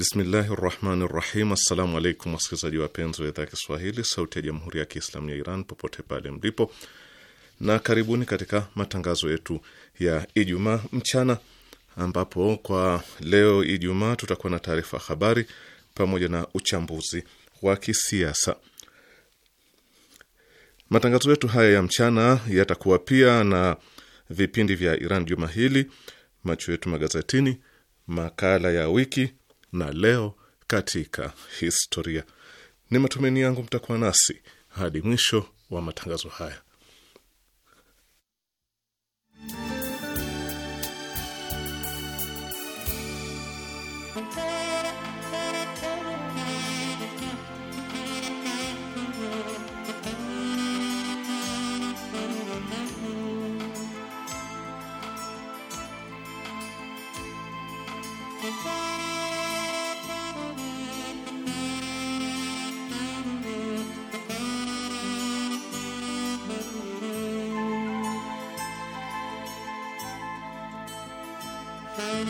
Bismillahi rahmani rahim. Assalamu alaikum wasikilizaji wapenzi wa idhaa ya Kiswahili sauti ya jamhuri ya Kiislamu ya Iran popote pale mlipo, na karibuni katika matangazo yetu ya Ijumaa mchana, ambapo kwa leo Ijumaa tutakuwa na taarifa habari pamoja na uchambuzi wa kisiasa. Matangazo yetu haya ya mchana yatakuwa pia na vipindi vya Iran juma hili, macho yetu magazetini, makala ya wiki na leo katika historia. Ni matumaini yangu mtakuwa nasi hadi mwisho wa matangazo haya.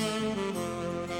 Thank you.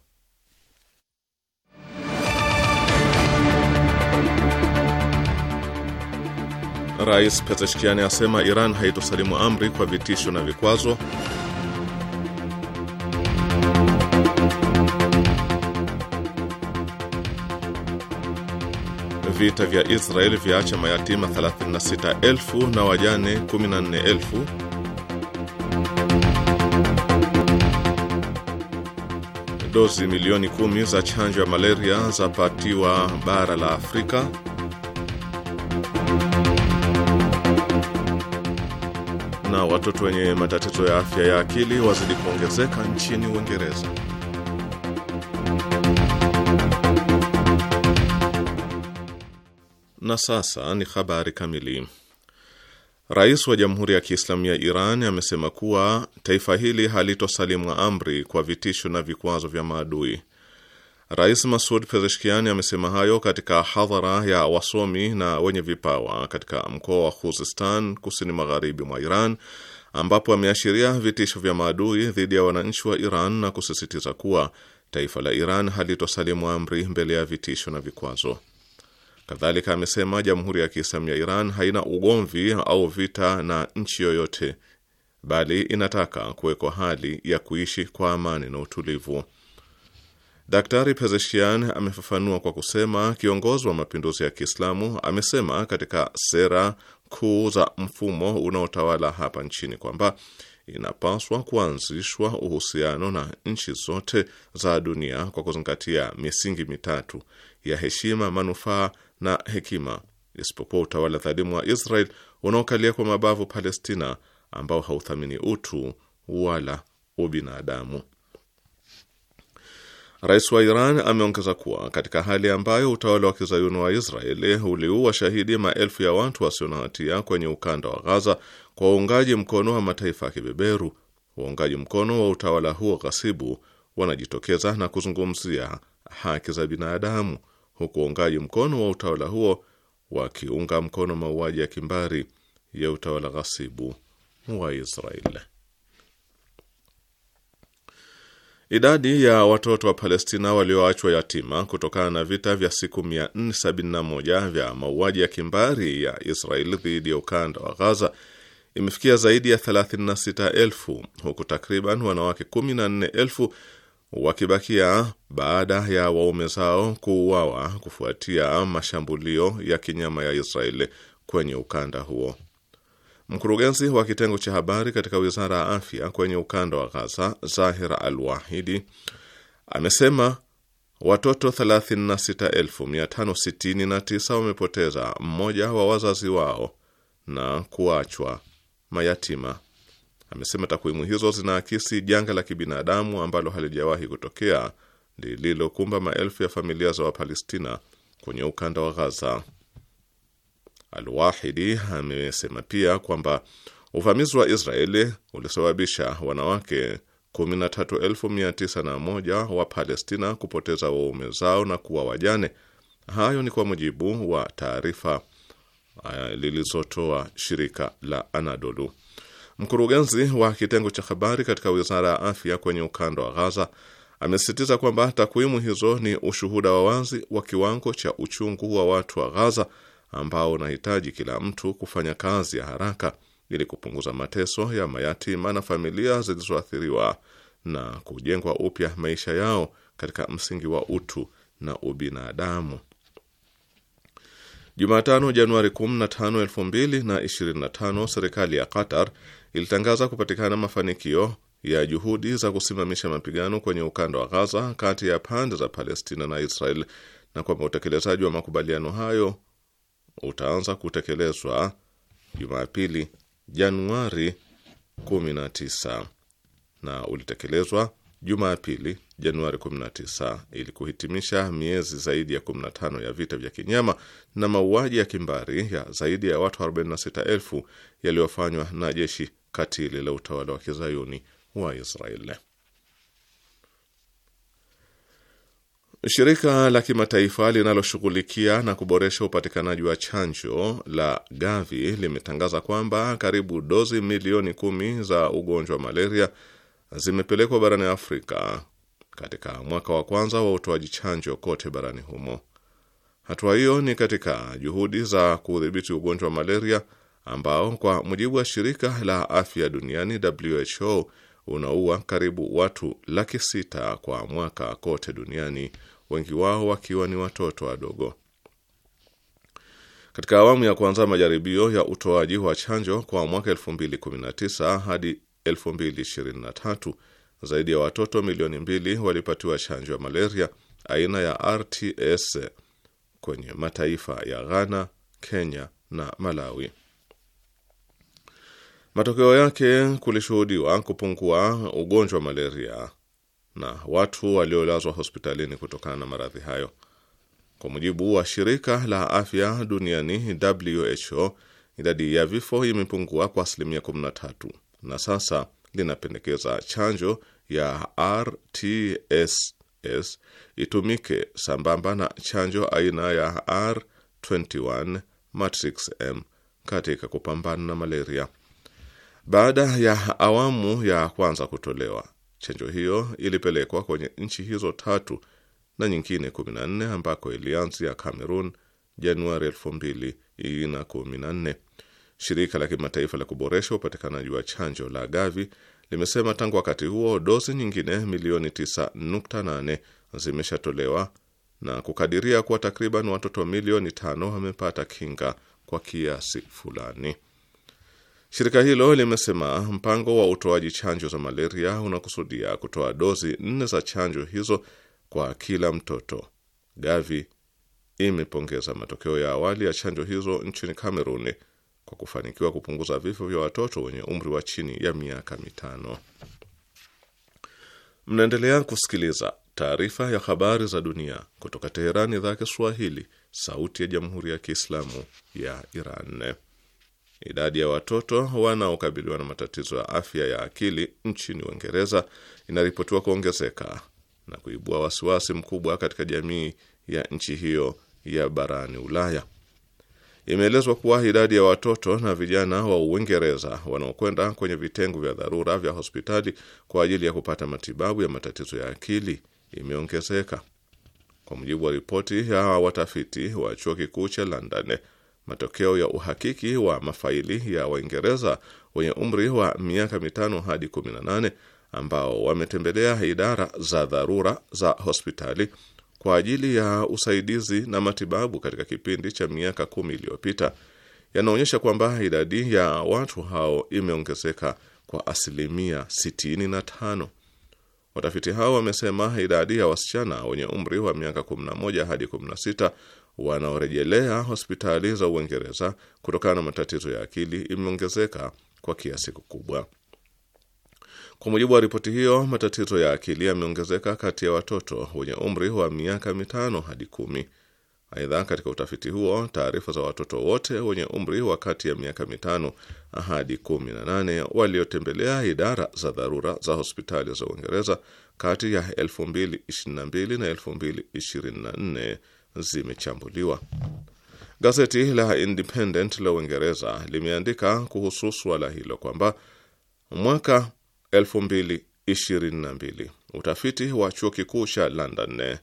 Rais Pezeshkiani asema Iran haitosalimu amri kwa vitisho na vikwazo. Vita vya israel vyaacha mayatima 36,000 na wajane 14,000. Dozi milioni kumi za chanjo ya malaria zapatiwa bara la Afrika. Watoto wenye matatizo ya afya ya akili wazidi kuongezeka nchini Uingereza. Na sasa ni habari kamili. Rais wa Jamhuri ya Kiislamu ya Iran amesema kuwa taifa hili halitosalimwa amri kwa vitisho na vikwazo vya maadui Rais Masud Pezeshkiani amesema hayo katika hadhara ya wasomi na wenye vipawa katika mkoa wa Khuzistan kusini magharibi mwa Iran, ambapo ameashiria vitisho vya maadui dhidi ya wananchi wa Iran na kusisitiza kuwa taifa la Iran halitosalimu amri mbele ya vitisho na vikwazo. Kadhalika amesema Jamhuri ya Kiislamu ya Iran haina ugomvi au vita na nchi yoyote, bali inataka kuwekwa hali ya kuishi kwa amani na utulivu. Daktari Pezeshian amefafanua kwa kusema kiongozi wa mapinduzi ya Kiislamu amesema katika sera kuu za mfumo unaotawala hapa nchini kwamba inapaswa kuanzishwa uhusiano na nchi zote za dunia kwa kuzingatia misingi mitatu ya heshima, manufaa na hekima, isipokuwa utawala dhalimu wa Israel unaokalia kwa mabavu Palestina, ambao hauthamini utu wala ubinadamu. Rais wa Iran ameongeza kuwa katika hali ambayo utawala wa kizayuni wa Israeli uliua shahidi maelfu ya watu wasio na hatia kwenye ukanda wa Ghaza kwa uungaji mkono wa mataifa ya kibeberu, waungaji mkono wa utawala huo ghasibu wanajitokeza na kuzungumzia haki za binadamu, huku waungaji mkono wa utawala huo wakiunga mkono mauaji ya kimbari ya utawala ghasibu wa Israeli. Idadi ya watoto wa Palestina walioachwa yatima kutokana na vita vya siku 471 vya mauaji ya kimbari ya Israeli dhidi ya ukanda wa Ghaza imefikia zaidi ya 36,000 huku takriban wanawake 14,000 wakibakia baada ya waume zao kuuawa kufuatia mashambulio ya kinyama ya Israeli kwenye ukanda huo. Mkurugenzi wa kitengo cha habari katika wizara ya afya kwenye ukanda wa Gaza, zahir Al-Wahidi, amesema watoto 36569 wamepoteza mmoja wa wazazi wao na kuachwa mayatima. Amesema takwimu hizo zinaakisi janga la kibinadamu ambalo halijawahi kutokea lililokumba maelfu ya familia za Wapalestina kwenye ukanda wa Gaza. Alwahidi amesema pia kwamba uvamizi wa Israeli ulisababisha wanawake 13901 wa Palestina kupoteza waume zao na kuwa wajane. Hayo ni kwa mujibu wa taarifa eh, lilizotoa shirika la Anadolu. Mkurugenzi wa kitengo cha habari katika wizara ya afya kwenye ukanda wa Ghaza amesisitiza kwamba takwimu hizo ni ushuhuda wa wazi wa kiwango cha uchungu wa watu wa Ghaza ambao unahitaji kila mtu kufanya kazi ya haraka ili kupunguza mateso ya mayatima na familia zilizoathiriwa na kujengwa upya maisha yao katika msingi wa utu na ubinadamu. Jumatano, Januari 15, 2025, serikali ya Qatar ilitangaza kupatikana mafanikio ya juhudi za kusimamisha mapigano kwenye ukanda wa Gaza kati ya pande za Palestina na Israel na kwamba utekelezaji wa makubaliano hayo utaanza kutekelezwa Jumapili, Januari 19 na ulitekelezwa Jumapili, Januari 19 ili kuhitimisha miezi zaidi ya 15 ya vita vya kinyama na mauaji ya kimbari ya zaidi ya watu 46,000 yaliyofanywa na jeshi katili la utawala wa kizayuni wa Israeli. Shirika la kimataifa linaloshughulikia na kuboresha upatikanaji wa chanjo la Gavi limetangaza kwamba karibu dozi milioni kumi za ugonjwa wa malaria zimepelekwa barani Afrika katika mwaka wa kwanza wa utoaji chanjo kote barani humo. Hatua hiyo ni katika juhudi za kudhibiti ugonjwa wa malaria ambao kwa mujibu wa shirika la afya duniani WHO unaua karibu watu laki sita kwa mwaka kote duniani wengi wao wakiwa ni watoto wadogo. Katika awamu ya kwanza majaribio ya utoaji wa chanjo kwa mwaka 2019 hadi 2023, zaidi ya watoto milioni mbili walipatiwa chanjo ya malaria aina ya RTS kwenye mataifa ya Ghana, Kenya na Malawi. Matokeo yake kulishuhudiwa kupungua ugonjwa wa malaria na watu waliolazwa hospitalini kutokana na maradhi hayo. Kwa mujibu wa shirika la afya duniani WHO, idadi ya vifo imepungua kwa asilimia 13 na sasa linapendekeza chanjo ya RTSS itumike sambamba na chanjo aina ya R21 Matrix M katika kupambana na malaria. Baada ya awamu ya kwanza kutolewa, Chanjo hiyo ilipelekwa kwenye nchi hizo tatu na nyingine 14 ambako ilianzia Cameroon Januari 2014. Shirika la kimataifa la kuboresha upatikanaji wa chanjo la Gavi limesema tangu wakati huo dozi nyingine milioni 9.8 zimeshatolewa na kukadiria kuwa takriban watoto milioni tano wamepata kinga kwa kiasi fulani. Shirika hilo limesema mpango wa utoaji chanjo za malaria unakusudia kutoa dozi nne za chanjo hizo kwa kila mtoto. Gavi imepongeza matokeo ya awali ya chanjo hizo nchini Kameruni kwa kufanikiwa kupunguza vifo vya watoto wenye umri wa chini ya miaka mitano. Mnaendelea kusikiliza taarifa ya habari za dunia kutoka Teherani, idhaa ya Kiswahili, sauti ya jamhuri ya kiislamu ya Iran. Idadi ya watoto wanaokabiliwa na matatizo ya afya ya akili nchini Uingereza inaripotiwa kuongezeka na kuibua wasiwasi mkubwa katika jamii ya nchi hiyo ya barani Ulaya. Imeelezwa kuwa idadi ya watoto na vijana wa Uingereza wanaokwenda kwenye vitengo vya dharura vya hospitali kwa ajili ya kupata matibabu ya matatizo ya akili imeongezeka. Kwa mujibu wa ripoti ya watafiti wa chuo kikuu cha London, Matokeo ya uhakiki wa mafaili ya Waingereza wenye umri wa miaka mitano hadi 18 ambao wametembelea idara za dharura za hospitali kwa ajili ya usaidizi na matibabu katika kipindi cha miaka kumi iliyopita yanaonyesha kwamba idadi ya watu hao imeongezeka kwa asilimia 65. Watafiti hao wamesema idadi ya wasichana wenye umri wa miaka 11 hadi 16 wanaorejelea hospitali za Uingereza kutokana na matatizo ya akili imeongezeka kwa kiasi kikubwa. Kwa mujibu wa ripoti hiyo, matatizo ya akili yameongezeka kati ya watoto wenye umri wa miaka mitano hadi kumi. Aidha, katika utafiti huo taarifa za watoto wote wenye umri wa kati ya miaka mitano hadi kumi na nane waliotembelea idara za dharura za hospitali za Uingereza kati ya 2022 na 2024 zimechambuliwa. Gazeti la Independent la Uingereza limeandika kuhusu suala hilo kwamba mwaka 2022 utafiti wa chuo kikuu cha London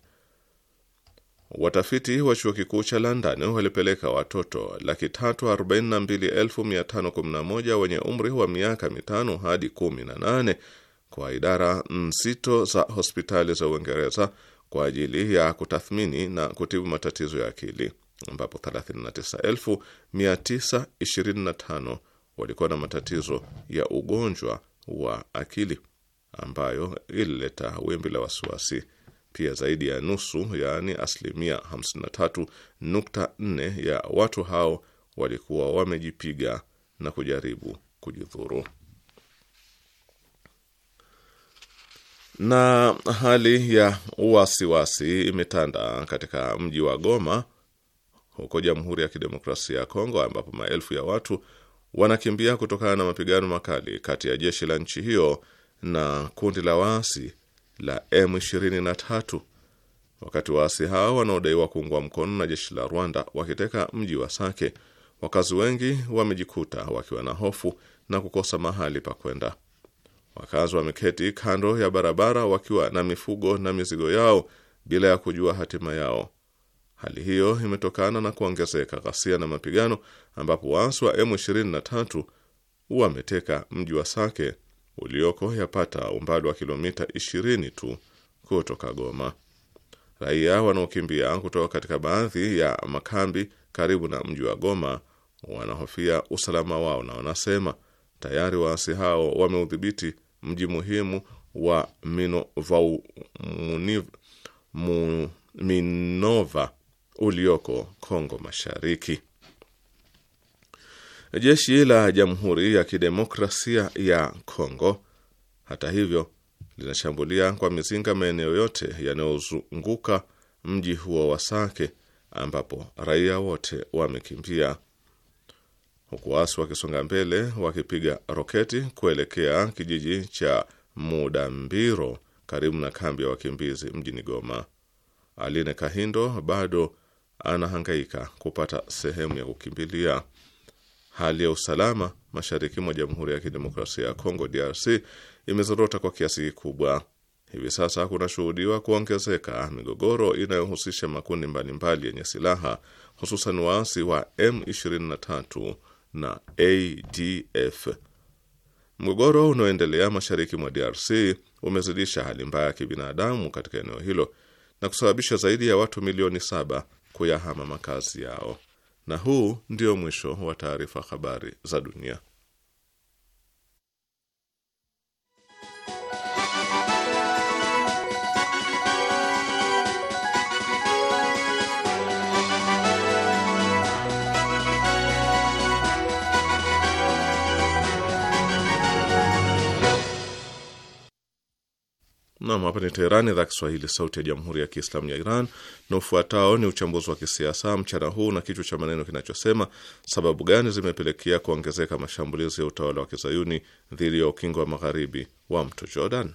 watafiti wa chuo kikuu cha London walipeleka watoto laki tatu arobaini na mbili elfu mia tano kumi na moja wenye umri wa miaka mitano hadi kumi na nane kwa idara nzito za hospitali za Uingereza kwa ajili ya kutathmini na kutibu matatizo ya akili, ambapo 39925 walikuwa na matatizo ya ugonjwa wa akili ambayo ilileta wimbi la wasiwasi. Pia zaidi ya nusu, yaani asilimia 53.4 ya watu hao walikuwa wamejipiga na kujaribu kujidhuru. Na hali ya wasiwasi imetanda katika mji wa Goma huko Jamhuri ya Kidemokrasia ya Kongo, ambapo maelfu ya watu wanakimbia kutokana na mapigano makali kati ya jeshi la nchi hiyo na kundi la waasi la M23, wakati waasi hao wanaodaiwa kuungwa mkono na jeshi la Rwanda wakiteka mji wa Sake. Wakazi wengi wamejikuta wakiwa na hofu na kukosa mahali pa kwenda. Wakazi wameketi kando ya barabara wakiwa na mifugo na mizigo yao bila ya kujua hatima yao. Hali hiyo imetokana na kuongezeka ghasia na mapigano, ambapo waasi wa M23 wameteka mji wa Sake ulioko yapata umbali wa kilomita 20 tu kutoka Goma. Raia wanaokimbia kutoka katika baadhi ya makambi karibu na mji wa Goma wanahofia usalama wao na wanasema tayari waasi hao wameudhibiti mji muhimu wa Minova ulioko Kongo Mashariki. Jeshi la Jamhuri ya Kidemokrasia ya Kongo, hata hivyo, linashambulia kwa mizinga maeneo yote yanayozunguka mji huo wa Sake ambapo raia wote wamekimbia huku waasi wakisonga mbele wakipiga roketi kuelekea kijiji cha muda mbiro karibu na kambi ya wakimbizi mjini Goma. Aline Kahindo bado anahangaika kupata sehemu ya kukimbilia. Hali ya usalama mashariki mwa Jamhuri ya Kidemokrasia ya Kongo, DRC, imezorota kwa kiasi kikubwa. Hivi sasa kunashuhudiwa kuongezeka migogoro inayohusisha makundi mbalimbali yenye silaha, hususan waasi wa M23 na ADF. Mgogoro unaoendelea mashariki mwa DRC umezidisha hali mbaya ya kibinadamu katika eneo hilo na kusababisha zaidi ya watu milioni saba kuyahama makazi yao. Na huu ndio mwisho wa taarifa habari za dunia. Nam, hapa ni Teherani, idhaa Kiswahili, sauti ya jamhuri ya kiislamu ya Iran. Na ufuatao ni uchambuzi wa kisiasa mchana huu na kichwa cha maneno kinachosema sababu gani zimepelekea kuongezeka mashambulizi ya utawala wa kizayuni dhidi ya ukingo wa magharibi wa mto Jordan.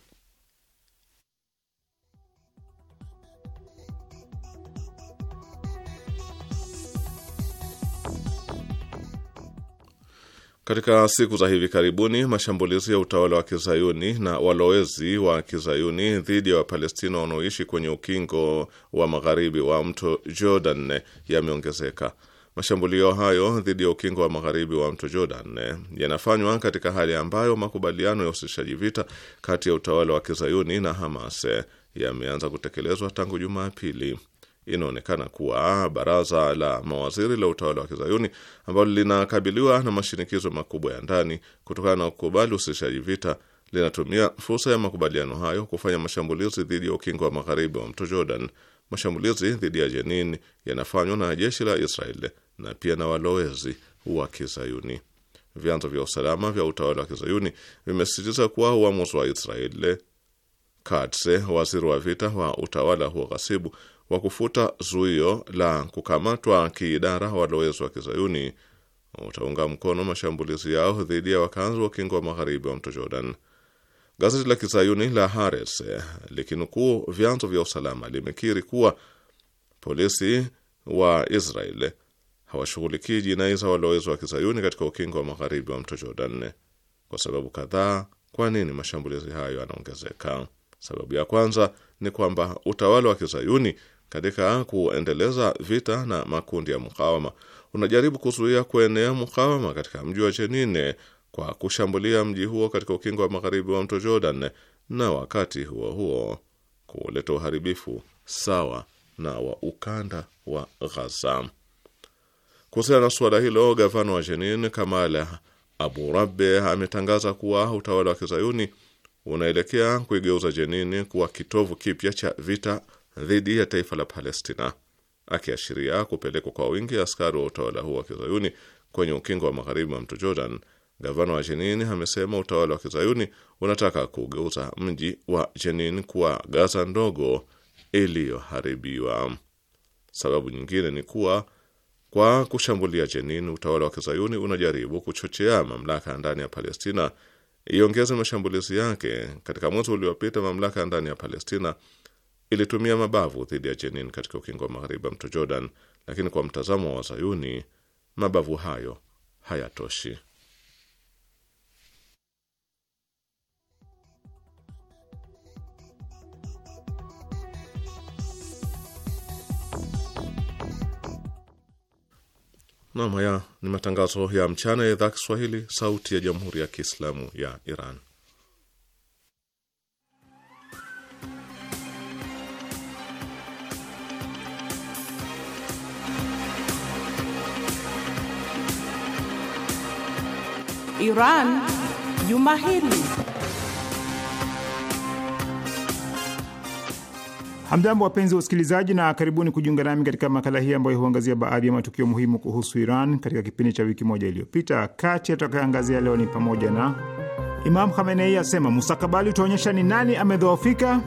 Katika siku za hivi karibuni mashambulizi ya utawala wa kizayuni na walowezi wa kizayuni dhidi ya Wapalestina wanaoishi kwenye ukingo wa magharibi wa mto Jordan yameongezeka. Mashambulio hayo dhidi ya ukingo wa magharibi wa mto Jordan yanafanywa katika hali ambayo makubaliano ya usitishaji vita kati ya utawala wa kizayuni na Hamas yameanza kutekelezwa tangu Jumapili. Inaonekana kuwa ah, baraza la mawaziri la utawala wa kizayuni ambalo linakabiliwa na mashinikizo makubwa ya ndani kutokana na kukubali usitishaji vita linatumia fursa ya makubaliano hayo kufanya mashambulizi dhidi ya ukingo wa magharibi wa mto Jordan. Mashambulizi dhidi ya Jenin yanafanywa na jeshi la Israel na pia na walowezi wa kizayuni. Vyanzo vya usalama vya utawala wa kizayuni vimesisitiza kuwa uamuzi wa Israel Katz, waziri wa vita wa utawala huo ghasibu, wa kufuta zuio la kukamatwa kiidara walowezi wa kizayuni utaunga mkono mashambulizi yao dhidi ya wakazi wa ukingo wa magharibi wa mto Jordan. Gazeti la kizayuni la Hares eh, likinukuu vyanzo vya usalama limekiri kuwa polisi wa Israel hawashughulikii jinai za walowezi wa kizayuni katika ukingo wa magharibi wa mto Jordan kwa sababu kadhaa. Kwa nini mashambulizi hayo yanaongezeka? Sababu ya kwanza ni kwamba utawala wa kizayuni katika kuendeleza vita na makundi ya mukawama. Unajaribu kuzuia kuenea mukawama katika mji wa Jenine kwa kushambulia mji huo katika ukingo wa magharibi wa mto Jordan, na wakati huo huo kuleta uharibifu sawa na wa ukanda wa Ghaza. Kuhusiana na suala hilo, gavana wa Jenin Kamal Abu Rabe ametangaza kuwa utawala wa kizayuni unaelekea kuigeuza jenin kuwa kitovu kipya cha vita dhidi ya taifa la Palestina, akiashiria kupelekwa kwa wingi askari wa utawala huo wa kizayuni kwenye ukingo wa magharibi wa mto Jordan. Gavana wa Jenin amesema utawala wa kizayuni unataka kugeuza mji wa Jenin kuwa Gaza ndogo iliyoharibiwa. Sababu nyingine ni kuwa kwa kushambulia Jenin, utawala wa kizayuni unajaribu kuchochea mamlaka ndani ya Palestina iongeze mashambulizi yake. Katika mwezi uliopita, mamlaka ndani ya Palestina ilitumia mabavu dhidi ya Jenin katika ukingo wa magharibi mto Jordan, lakini kwa mtazamo wa Wazayuni mabavu hayo hayatoshi. Nam, haya ni matangazo ya mchana ya idhaa Kiswahili, sauti ya jamhuri ya kiislamu ya Iran. Iran juma hili. Hamjambo, wapenzi wa usikilizaji, na karibuni kujiunga nami katika makala hii ambayo huangazia baadhi ya matukio muhimu kuhusu Iran katika kipindi cha wiki moja iliyopita. Kati ya tutakayoangazia leo ni pamoja na Imam Khamenei asema mustakabali utaonyesha ni nani amedhoofika.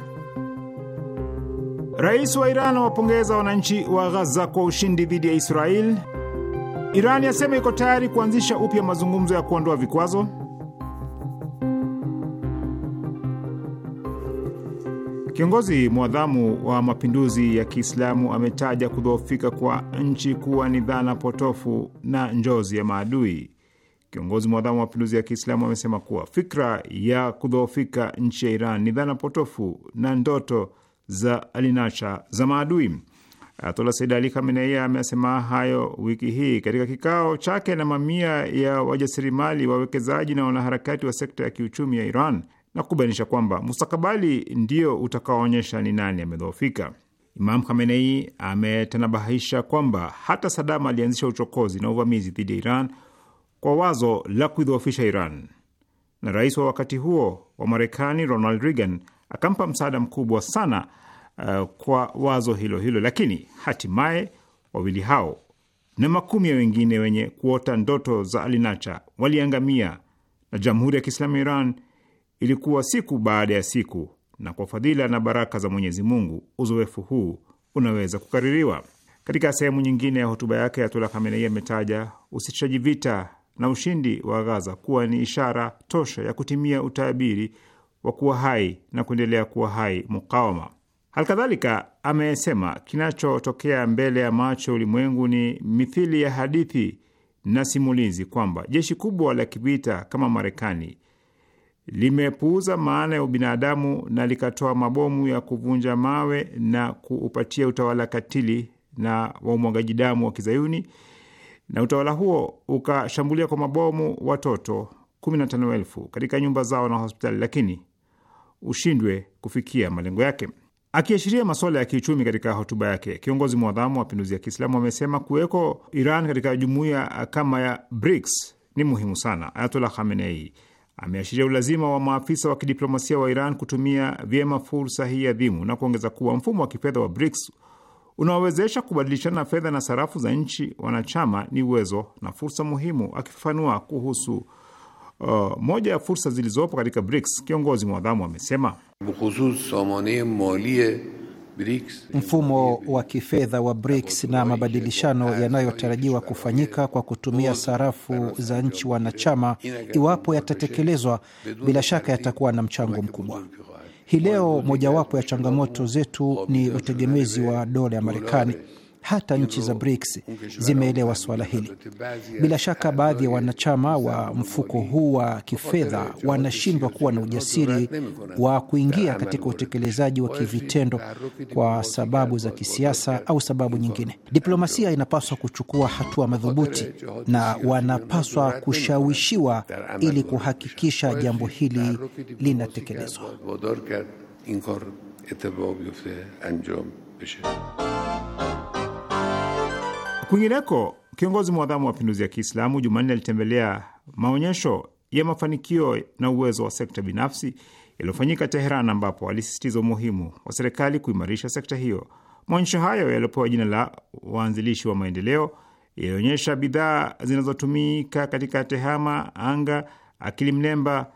Rais wa Iran awapongeza wananchi wa Ghaza kwa ushindi dhidi ya Israeli. Iran yasema iko tayari kuanzisha upya mazungumzo ya kuondoa vikwazo. Kiongozi mwadhamu wa mapinduzi ya Kiislamu ametaja kudhoofika kwa nchi kuwa ni dhana potofu na njozi ya maadui. Kiongozi mwadhamu wa mapinduzi ya Kiislamu amesema kuwa fikra ya kudhoofika nchi ya Iran ni dhana potofu na ndoto za alinacha za maadui. Ayatollah Said Ali Khamenei amesema hayo wiki hii katika kikao chake na mamia ya wajasiriamali, wawekezaji na wanaharakati wa sekta ya kiuchumi ya Iran na kubainisha kwamba mustakabali ndio utakaoonyesha ni nani amedhoofika. Imam Khamenei ametanabahisha kwamba hata Sadam alianzisha uchokozi na uvamizi dhidi ya Iran kwa wazo la kuidhoofisha Iran, na rais wa wakati huo wa Marekani Ronald Reagan akampa msaada mkubwa sana uh, kwa wazo hilo hilo, lakini hatimaye wawili hao na makumi ya wengine wenye kuota ndoto za alinacha waliangamia, na Jamhuri ya Kiislamu Iran ilikuwa siku baada ya siku, na kwa fadhila na baraka za Mwenyezi Mungu uzoefu huu unaweza kukaririwa. Katika sehemu nyingine ya hotuba yake, Ayatullah Khamenei ametaja usitishaji vita na ushindi wa Gaza kuwa ni ishara tosha ya kutimia utabiri wa kuwa hai na kuendelea kuwa hai mukawama. Halikadhalika amesema kinachotokea mbele ya macho ulimwengu ni mithili ya hadithi na simulizi, kwamba jeshi kubwa la kivita kama Marekani limepuuza maana ya ubinadamu na likatoa mabomu ya kuvunja mawe na kuupatia utawala katili na wa umwagaji damu wa kizayuni, na utawala huo ukashambulia kwa mabomu watoto 15,000 katika nyumba zao na hospitali, lakini ushindwe kufikia malengo yake. Akiashiria masuala ya kiuchumi katika hotuba yake, kiongozi mwadhamu wa mapinduzi ya Kiislamu amesema kuweko Iran katika jumuiya kama ya BRICS ni muhimu sana. Ayatollah Khamenei ameashiria ulazima wa maafisa wa kidiplomasia wa Iran kutumia vyema fursa hii adhimu na kuongeza kuwa mfumo wa kifedha wa BRICS unaowezesha kubadilishana fedha na sarafu za nchi wanachama ni uwezo na fursa muhimu. Akifafanua kuhusu uh, moja ya fursa zilizopo katika BRICS, kiongozi mwadhamu amesema mfumo wa kifedha wa BRICS na mabadilishano yanayotarajiwa kufanyika kwa kutumia sarafu za nchi wanachama, iwapo yatatekelezwa, bila shaka yatakuwa na mchango mkubwa. Hii leo mojawapo ya changamoto zetu ni utegemezi wa dola ya Marekani hata nchi za BRICS zimeelewa suala hili. Bila shaka, baadhi ya wanachama wa mfuko huu wa kifedha wanashindwa kuwa na ujasiri wa kuingia katika utekelezaji wa kivitendo kwa sababu za kisiasa au sababu nyingine. Diplomasia inapaswa kuchukua hatua madhubuti na wanapaswa kushawishiwa ili kuhakikisha jambo hili linatekelezwa. Kwingineko, kiongozi mwadhamu wa mapinduzi ya Kiislamu Jumanne alitembelea maonyesho ya mafanikio na uwezo wa sekta binafsi yaliyofanyika Teheran, ambapo alisisitiza umuhimu wa serikali kuimarisha sekta hiyo. Maonyesho hayo yaliyopewa jina la waanzilishi wa maendeleo yalionyesha bidhaa zinazotumika katika tehama, anga, akili mnemba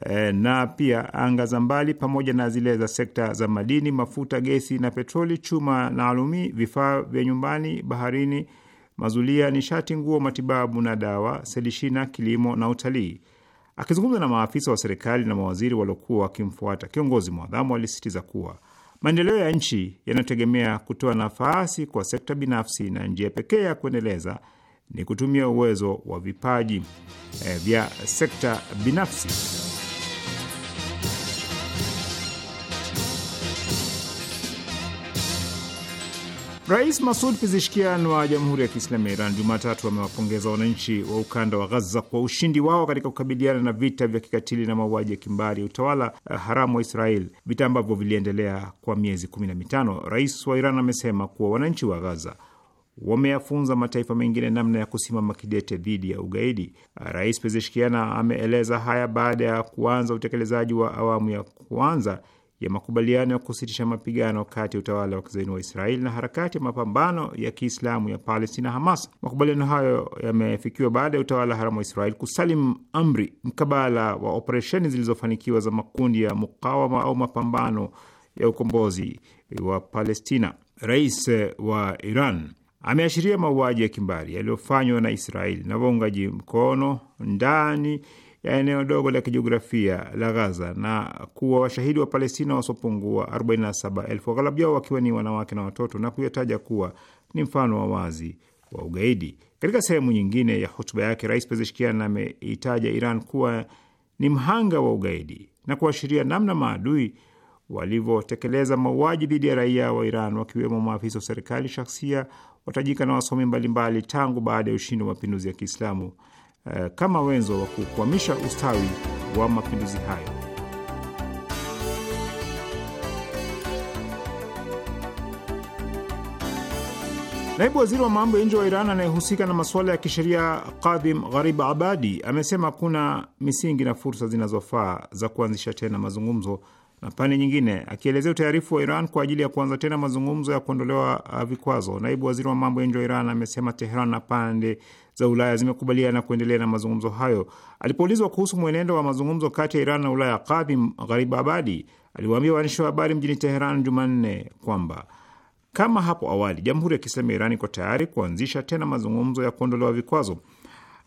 e, na pia anga za mbali pamoja na zile za sekta za madini, mafuta, gesi na petroli, chuma na alumi, vifaa vya nyumbani, baharini, mazulia, nishati, nguo, matibabu na dawa, selishina, kilimo na utalii. Akizungumza na maafisa wa serikali na mawaziri waliokuwa wakimfuata kiongozi mwadhamu, alisisitiza kuwa maendeleo ya nchi yanategemea kutoa nafasi kwa sekta binafsi na njia pekee ya kuendeleza ni kutumia uwezo wa vipaji eh, vya sekta binafsi. Rais Masud pizishkian wa Jamhuri ya Kiislamu ya Iran Jumatatu amewapongeza wananchi wa ukanda wa Ghaza kwa ushindi wao katika kukabiliana na vita vya kikatili na mauaji ya kimbari ya utawala eh, haramu wa Israel, vita ambavyo viliendelea kwa miezi kumi na mitano. Rais wa Iran amesema kuwa wananchi wa Ghaza wameyafunza mataifa mengine namna ya kusimama kidete dhidi ya ugaidi. Rais Pezeshkian ameeleza haya baada ya kuanza utekelezaji wa awamu ya kwanza ya makubaliano ya kusitisha mapigano kati ya utawala wa kizaini wa Israeli na harakati ya mapambano ya Kiislamu ya Palestina, Hamas. Makubaliano hayo yamefikiwa baada ya utawala haramu wa Israeli kusalim amri mkabala wa operesheni zilizofanikiwa za makundi ya mukawama au mapambano ya ukombozi wa Palestina. Rais wa Iran ameashiria mauaji ya kimbari yaliyofanywa na Israeli na waungaji mkono ndani ya eneo dogo la kijiografia la Gaza na kuwa washahidi wa Palestina wasiopungua 47,000 waghalabu yao wakiwa ni wanawake na watoto na kuyataja kuwa ni mfano wa wazi wa ugaidi. Katika sehemu nyingine ya hotuba yake, Rais Pezeshkian ameitaja Iran kuwa ni mhanga wa ugaidi na kuashiria namna maadui walivyotekeleza mauaji dhidi ya raia wa Iran, wakiwemo maafisa wa serikali, shaksia watajika na wasomi mbalimbali, tangu baada ya ushindi wa mapinduzi ya Kiislamu Eh, kama wenzo wa kukwamisha ustawi wa mapinduzi hayo. Naibu waziri wa mambo ya nje wa Iran anayehusika na masuala ya kisheria Kadhim Gharib Abadi amesema kuna misingi na fursa zinazofaa za kuanzisha tena mazungumzo na pande nyingine. Akielezea utayarifu wa Iran kwa ajili ya kuanza tena mazungumzo ya kuondolewa uh, vikwazo, naibu waziri wa mambo ya nje wa Iran amesema Teheran na pande za Ulaya zimekubaliana kuendelea na mazungumzo hayo. Alipoulizwa kuhusu mwenendo wa mazungumzo kati ya Iran na Ulaya, Kadhim Abadi aliwaambia waandishi wa habari mjini Teheran Jumanne kwamba kama hapo awali, Jamhuri ya Kiislamu ya Iran iko tayari kuanzisha tena mazungumzo ya kuondolewa vikwazo.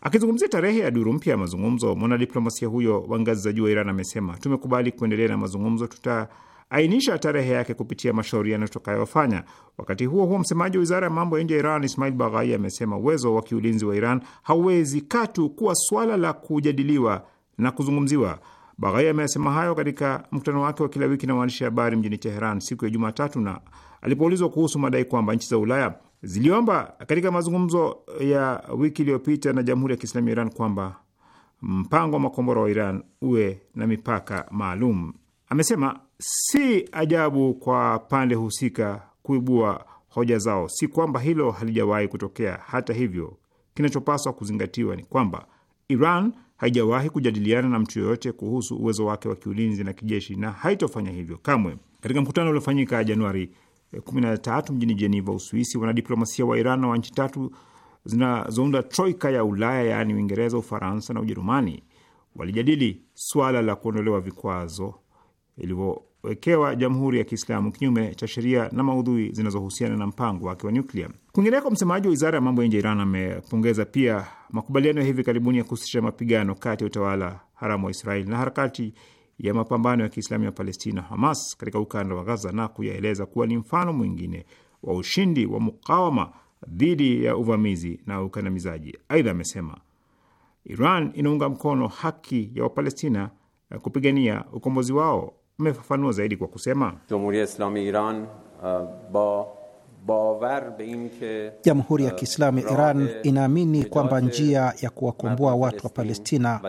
Akizungumzia tarehe ya duru mpya ya mazungumzo, mwanadiplomasia huyo wa ngazi za juu wa Iran amesema, tumekubali kuendelea na mazungumzo, tuta ainisha tarehe yake kupitia mashauriano tutakayofanya. Wakati huo huo, msemaji wa wizara ya mambo ya nje ya Iran Ismail Baghai amesema uwezo wa kiulinzi wa Iran hauwezi katu kuwa swala la kujadiliwa na kuzungumziwa. Baghai ameyasema hayo katika mkutano wake wa kila wiki na waandishi habari mjini Teheran siku ya Jumatatu, na alipoulizwa kuhusu madai kwamba nchi za Ulaya ziliomba katika mazungumzo ya wiki iliyopita na Jamhuri ya Kiislamu ya Iran kwamba mpango wa makombora wa Iran uwe na mipaka maalum, amesema si ajabu kwa pande husika kuibua hoja zao. Si kwamba hilo halijawahi kutokea. Hata hivyo, kinachopaswa kuzingatiwa ni kwamba Iran haijawahi kujadiliana na mtu yoyote kuhusu uwezo wake wa kiulinzi na kijeshi na haitofanya hivyo kamwe. Katika mkutano uliofanyika Januari 13 eh, mjini Jeneva, Uswisi, wanadiplomasia wa Iran na wa nchi tatu zinazounda troika ya Ulaya, yaani Uingereza, Ufaransa na Ujerumani walijadili suala la kuondolewa vikwazo ilivyo kuwekewa Jamhuri ya Kiislamu kinyume cha sheria na maudhui zinazohusiana na mpango wake wa nyuklia. Kwingineko, msemaji wa wizara ya mambo ya nje ya Iran amepongeza pia makubaliano ya hivi karibuni ya kusitisha mapigano kati ya utawala haramu wa Israeli na harakati ya mapambano ya Kiislamu ya Palestina, Hamas, katika ukanda wa Gaza na kuyaeleza kuwa ni mfano mwingine wa ushindi wa mukawama dhidi ya uvamizi na ukandamizaji. Aidha, amesema Iran inaunga mkono haki ya Wapalestina kupigania ukombozi wao amefafanua zaidi kwa kusema uh, Jamhuri ya uh, Kiislamu ya Iran inaamini kwamba njia ya kuwakomboa watu wa Palestina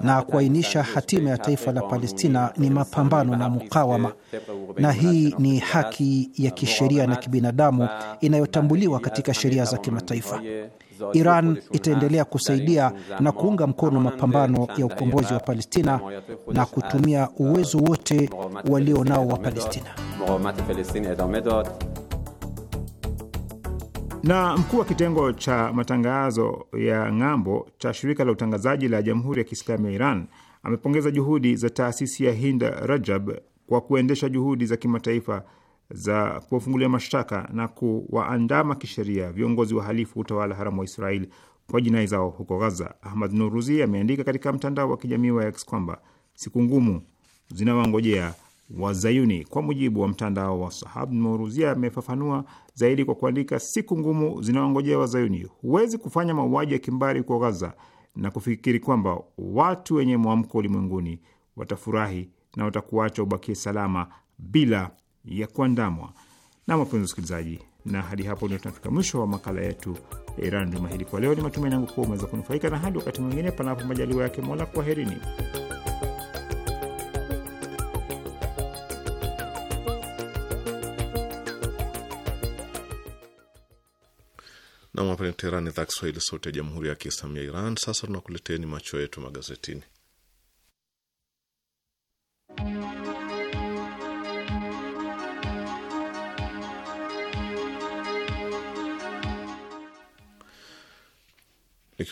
na kuainisha hatima ya taifa la Palestina ni mapambano na mukawama, na hii ni haki ya kisheria na kibinadamu inayotambuliwa katika sheria za kimataifa. Iran itaendelea kusaidia na kuunga mkono mapambano ya ukombozi wa Palestina na kutumia uwezo wote walio nao wa Palestina. Na mkuu wa kitengo cha matangazo ya ng'ambo cha shirika la utangazaji la Jamhuri ya Kiislamu ya Iran amepongeza juhudi za taasisi ya Hinda Rajab kwa kuendesha juhudi za kimataifa za kuwafungulia mashtaka na kuwaandama kisheria viongozi wahalifu utawala haramu wa Israeli kwa jinai zao huko Gaza. Ahmad Nuruzi ameandika katika mtandao wa kijamii wa X kwamba siku ngumu zinawangojea Wazayuni. Kwa mujibu wa mtandao wa Sahab, Nuruzi amefafanua zaidi kwa kuandika, siku ngumu zinawangojea Wazayuni. Huwezi kufanya mauaji ya kimbari huko Gaza na kufikiri kwamba watu wenye mwamko ulimwenguni watafurahi na watakuacha ubakie salama bila ya kuandamwa na mapenzi usikilizaji. Na hadi hapo ndio tunafika mwisho wa makala yetu ya Iran juma hili. Kwa leo, ni matumaini yangu kuwa umeweza kunufaika, na hadi wakati mwingine, panapo majaliwa yake Mola, kwaherini. Nam hapa ni Teherani, idhaa Kiswahili, sauti ya jamhuri ya kiislamu ya Iran. Sasa tunakuleteni macho yetu magazetini.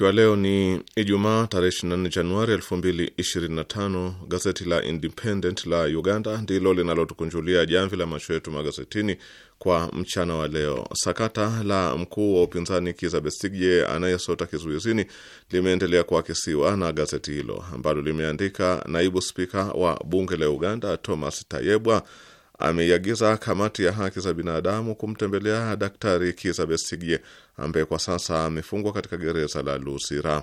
Ikiwa leo ni Ijumaa tarehe 24 Januari 2025, gazeti la Independent la Uganda ndilo linalotukunjulia jamvi la macho yetu magazetini kwa mchana wa leo. Sakata la mkuu wa upinzani Kiza Besige anayesota kizuizini limeendelea kuakisiwa na gazeti hilo ambalo limeandika naibu spika wa bunge la Uganda Thomas Tayebwa ameiagiza kamati ya haki za binadamu kumtembelea Daktari kiza Besigye ambaye kwa sasa amefungwa katika gereza la Lusira.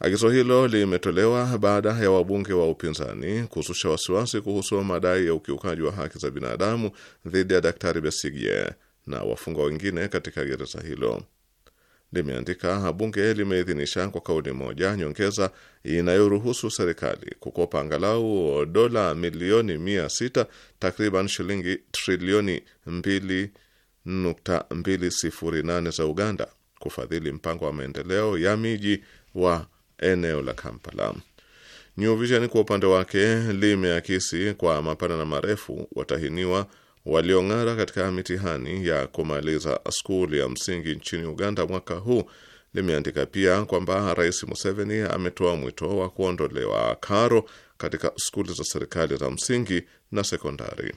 Agizo hilo limetolewa baada ya wabunge wa upinzani kuzusha wasiwasi kuhusu madai ya ukiukaji wa haki za binadamu dhidi ya Daktari Besigye na wafungwa wengine katika gereza hilo limeandika bunge limeidhinisha kwa kauli moja nyongeza inayoruhusu serikali kukopa angalau dola milioni mia sita takriban shilingi trilioni nane za Uganda kufadhili mpango wa maendeleo ya miji wa eneo la Kampala. New Vision kwa upande wake limeakisi kwa mapana na marefu watahiniwa waliong'ara katika mitihani ya kumaliza skuli ya msingi nchini Uganda mwaka huu limeandika pia kwamba Rais Museveni ametoa mwito wa kuondolewa karo katika skuli za serikali za msingi na sekondari.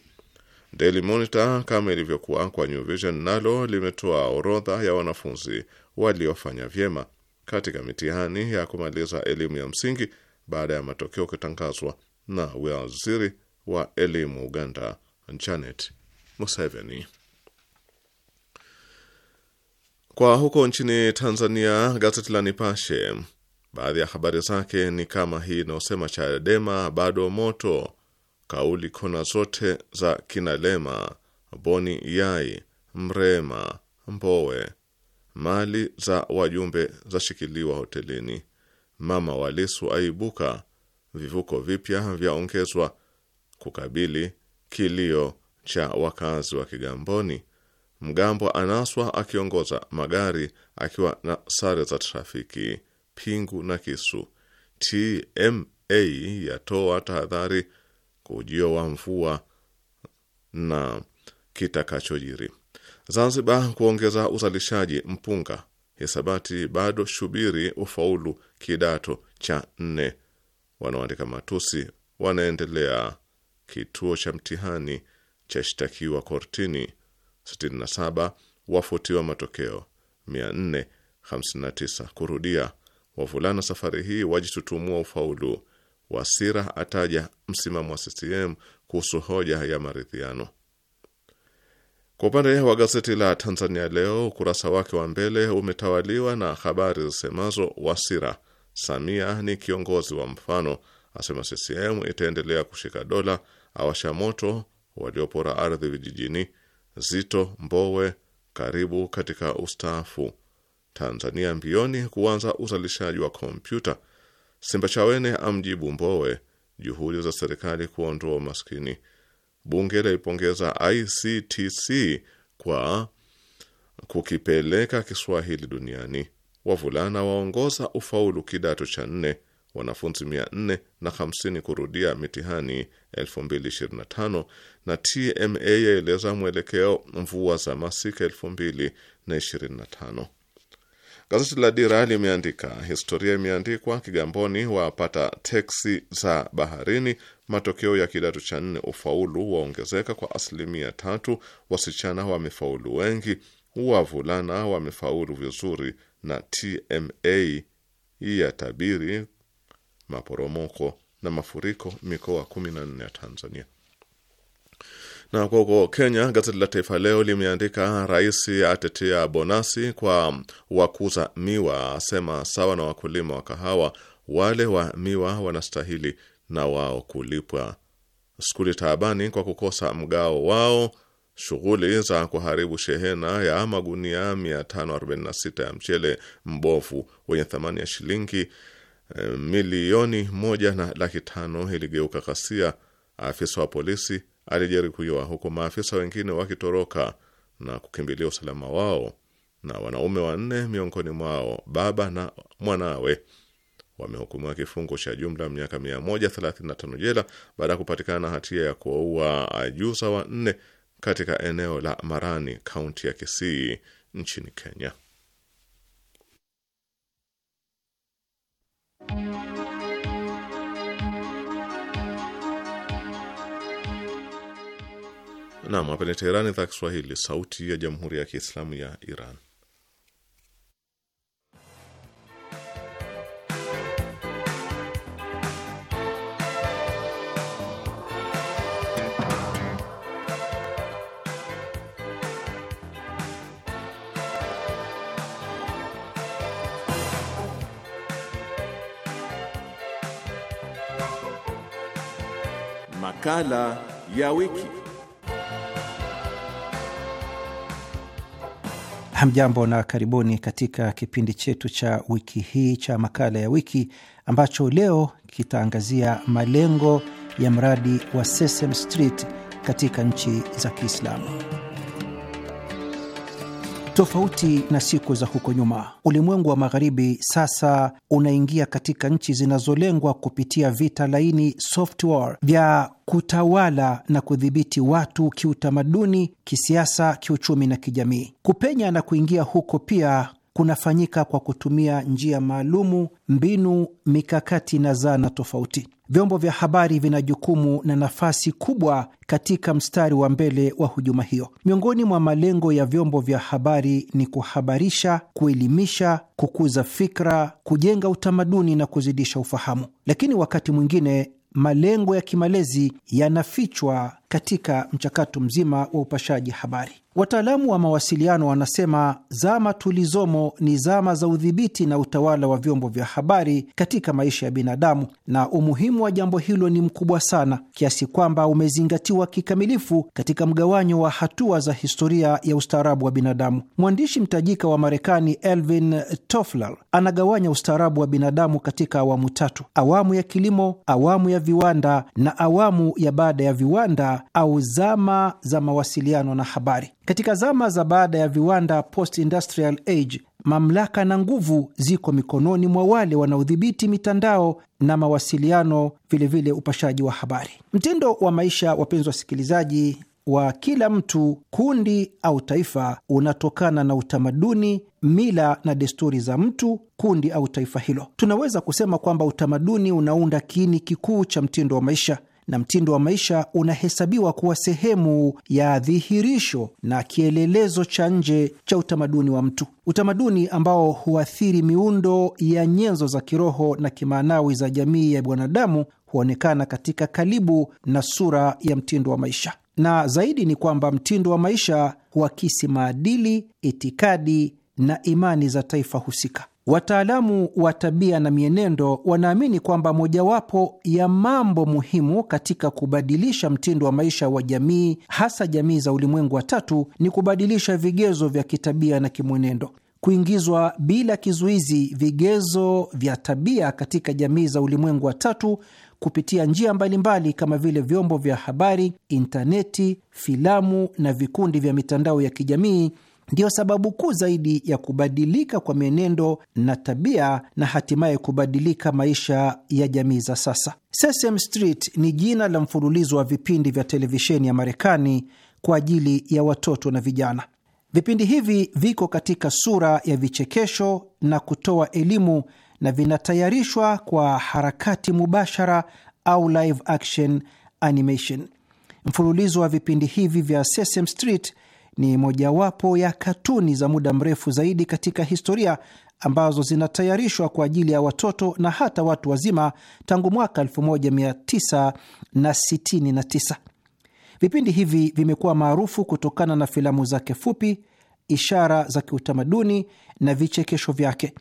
Daily Monitor kama ilivyokuwa kwa New Vision nalo limetoa orodha ya wanafunzi waliofanya vyema katika mitihani ya kumaliza elimu ya msingi baada ya matokeo kutangazwa na waziri wa elimu Uganda, Janet Museveni. Kwa huko nchini Tanzania, gazeti la Nipashe, baadhi ya habari zake ni kama hii inayosema Chadema bado moto, kauli kona zote za Kinalema, Boni Yai, Mrema, Mbowe, mali za wajumbe zashikiliwa hotelini, mama walisu aibuka, vivuko vipya vyaongezwa kukabili kilio cha wakazi wa Kigamboni, Mgambo anaswa akiongoza magari akiwa na sare za trafiki, pingu na kisu. TMA yatoa tahadhari kwa ujio wa mvua na kitakachojiri. Zanzibar kuongeza uzalishaji mpunga. Hisabati bado shubiri ufaulu kidato cha nne. Wanaoandika matusi wanaendelea. Kituo cha mtihani chashtakiwa kortini 67, wafutiwa matokeo 459. Kurudia, wavulana safari hii wajitutumua ufaulu. Wasira ataja msimamo wa CCM kuhusu hoja ya maridhiano. Kwa upande wa gazeti la Tanzania Leo, ukurasa wake wa mbele umetawaliwa na habari zisemazo: Wasira, Samia ni kiongozi wa mfano, asema CCM itaendelea kushika dola, awasha moto waliopora ardhi vijijini, Zito Mbowe karibu katika ustaafu, Tanzania mbioni kuanza uzalishaji wa kompyuta, simba chawene amjibu Mbowe juhudi za serikali kuondoa umaskini, bunge laipongeza ICTC kwa kukipeleka Kiswahili duniani, wavulana waongoza ufaulu kidato cha nne wanafunzi 450 kurudia mitihani 2025 na TMA yaeleza mwelekeo mvua za masika 2025. Gazeti la Dira limeandika historia imeandikwa Kigamboni, wapata teksi za baharini. Matokeo ya kidato cha nne ufaulu waongezeka kwa asilimia tatu. Wasichana wamefaulu wengi, wavulana wamefaulu vizuri, na TMA tabiri maporomoko na mafuriko mikoa 14 ya Tanzania. Na kwa huko Kenya, gazeti la Taifa Leo limeandika rais atetea bonasi kwa wakuza miwa, asema sawa na wakulima wa kahawa, wale wa miwa wanastahili na wao kulipwa. Skuli taabani kwa kukosa mgao wao. Shughuli za kuharibu shehena ya magunia 546 ya mchele mbovu wenye thamani ya shilingi Eh, milioni moja na laki tano iligeuka ghasia, afisa wa polisi alijeruhiwa, huku maafisa wengine wakitoroka na kukimbilia usalama wao, na wanaume wanne miongoni mwao baba na mwanawe wamehukumiwa kifungo cha jumla miaka 135 jela baada ya kupatikana na hatia ya kuwaua ajuza wanne katika eneo la Marani, kaunti ya Kisii nchini Kenya. Nam, hapa ni Teherani, idhaa Kiswahili, sauti ya jamhuri ya kiislamu ya Iran. makala ya wiki. Hamjambo na karibuni katika kipindi chetu cha wiki hii cha makala ya wiki ambacho leo kitaangazia malengo ya mradi wa Sesame Street katika nchi za Kiislamu. Tofauti na siku za huko nyuma, ulimwengu wa magharibi sasa unaingia katika nchi zinazolengwa kupitia vita laini software vya kutawala na kudhibiti watu kiutamaduni, kisiasa, kiuchumi na kijamii. Kupenya na kuingia huko pia kunafanyika kwa kutumia njia maalumu, mbinu, mikakati na zana tofauti. Vyombo vya habari vina jukumu na nafasi kubwa katika mstari wa mbele wa hujuma hiyo. Miongoni mwa malengo ya vyombo vya habari ni kuhabarisha, kuelimisha, kukuza fikra, kujenga utamaduni na kuzidisha ufahamu, lakini wakati mwingine malengo ya kimalezi yanafichwa katika mchakato mzima wa upashaji habari. Wataalamu wa mawasiliano wanasema zama tulizomo ni zama za udhibiti na utawala wa vyombo vya habari katika maisha ya binadamu, na umuhimu wa jambo hilo ni mkubwa sana kiasi kwamba umezingatiwa kikamilifu katika mgawanyo wa hatua za historia ya ustaarabu wa binadamu. Mwandishi mtajika wa Marekani Elvin Toffler anagawanya ustaarabu wa binadamu katika awamu tatu: awamu ya kilimo, awamu ya viwanda na awamu ya baada ya viwanda au zama za mawasiliano na habari. Katika zama za baada ya viwanda, post industrial age, mamlaka na nguvu ziko mikononi mwa wale wanaodhibiti mitandao na mawasiliano, vilevile vile upashaji wa habari. Mtindo wa maisha, wapenzi wasikilizaji, wa kila mtu, kundi au taifa unatokana na utamaduni, mila na desturi za mtu, kundi au taifa hilo. Tunaweza kusema kwamba utamaduni unaunda kiini kikuu cha mtindo wa maisha na mtindo wa maisha unahesabiwa kuwa sehemu ya dhihirisho na kielelezo cha nje cha utamaduni wa mtu, utamaduni ambao huathiri miundo ya nyenzo za kiroho na kimaanawi za jamii ya mwanadamu huonekana katika kalibu na sura ya mtindo wa maisha, na zaidi ni kwamba mtindo wa maisha huakisi maadili, itikadi na imani za taifa husika. Wataalamu wa tabia na mienendo wanaamini kwamba mojawapo ya mambo muhimu katika kubadilisha mtindo wa maisha wa jamii, hasa jamii za ulimwengu wa tatu, ni kubadilisha vigezo vya kitabia na kimwenendo. Kuingizwa bila kizuizi vigezo vya tabia katika jamii za ulimwengu wa tatu kupitia njia mbalimbali kama vile vyombo vya habari, intaneti, filamu na vikundi vya mitandao ya kijamii ndiyo sababu kuu zaidi ya kubadilika kwa mienendo na tabia na hatimaye kubadilika maisha ya jamii za sasa. Sesame Street ni jina la mfululizo wa vipindi vya televisheni ya Marekani kwa ajili ya watoto na vijana. Vipindi hivi viko katika sura ya vichekesho na kutoa elimu na vinatayarishwa kwa harakati mubashara au live action animation. Mfululizo wa vipindi hivi vya Sesame Street ni mojawapo ya katuni za muda mrefu zaidi katika historia ambazo zinatayarishwa kwa ajili ya watoto na hata watu wazima tangu mwaka 1969. Vipindi hivi vimekuwa maarufu kutokana na filamu zake fupi, ishara za kiutamaduni na vichekesho vyake,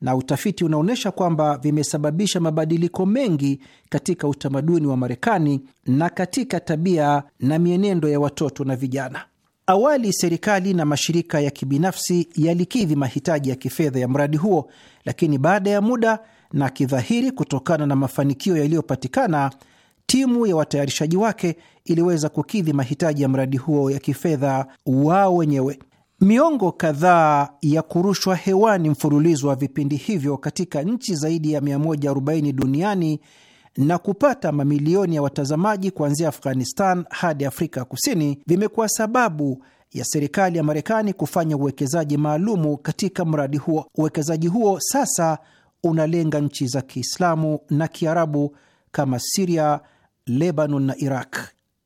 na utafiti unaonyesha kwamba vimesababisha mabadiliko mengi katika utamaduni wa Marekani na katika tabia na mienendo ya watoto na vijana. Awali serikali na mashirika ya kibinafsi yalikidhi mahitaji ya kifedha ya mradi huo, lakini baada ya muda na kidhahiri, kutokana na mafanikio yaliyopatikana, timu ya watayarishaji wake iliweza kukidhi mahitaji ya mradi huo ya kifedha wao wenyewe. Miongo kadhaa ya kurushwa hewani mfululizo wa vipindi hivyo katika nchi zaidi ya 140 duniani na kupata mamilioni ya watazamaji kuanzia Afghanistan hadi Afrika ya Kusini vimekuwa sababu ya serikali ya Marekani kufanya uwekezaji maalumu katika mradi huo. Uwekezaji huo sasa unalenga nchi za Kiislamu na Kiarabu kama Siria, Lebanon na Iraq.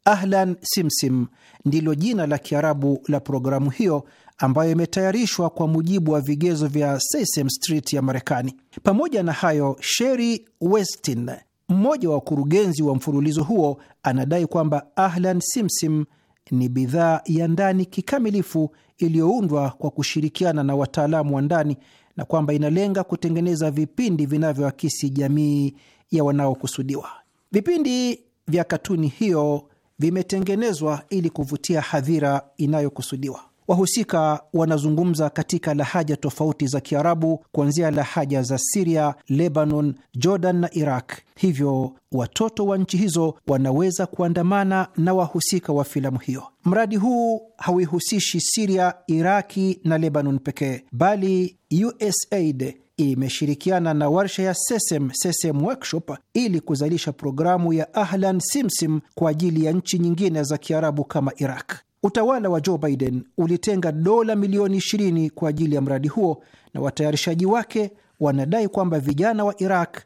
Ahlan Simsim ndilo jina la Kiarabu la programu hiyo ambayo imetayarishwa kwa mujibu wa vigezo vya Sesame Street ya Marekani. Pamoja na hayo, Sheri Westin mmoja wa wakurugenzi wa mfululizo huo anadai kwamba Ahlan Simsim ni bidhaa ya ndani kikamilifu iliyoundwa kwa kushirikiana na wataalamu wa ndani na kwamba inalenga kutengeneza vipindi vinavyoakisi jamii ya wanaokusudiwa. Vipindi vya katuni hiyo vimetengenezwa ili kuvutia hadhira inayokusudiwa. Wahusika wanazungumza katika lahaja tofauti za Kiarabu, kuanzia lahaja za Siria, Lebanon, Jordan na Iraq. Hivyo watoto wa nchi hizo wanaweza kuandamana na wahusika wa filamu hiyo. Mradi huu hauihusishi Siria, Iraki na Lebanon pekee, bali USAID imeshirikiana na warsha ya Sesem, Sesem Workshop ili kuzalisha programu ya Ahlan Simsim kwa ajili ya nchi nyingine za Kiarabu kama Iraq. Utawala wa Joe Biden ulitenga dola milioni 20 kwa ajili ya mradi huo na watayarishaji wake wanadai kwamba vijana wa Iraq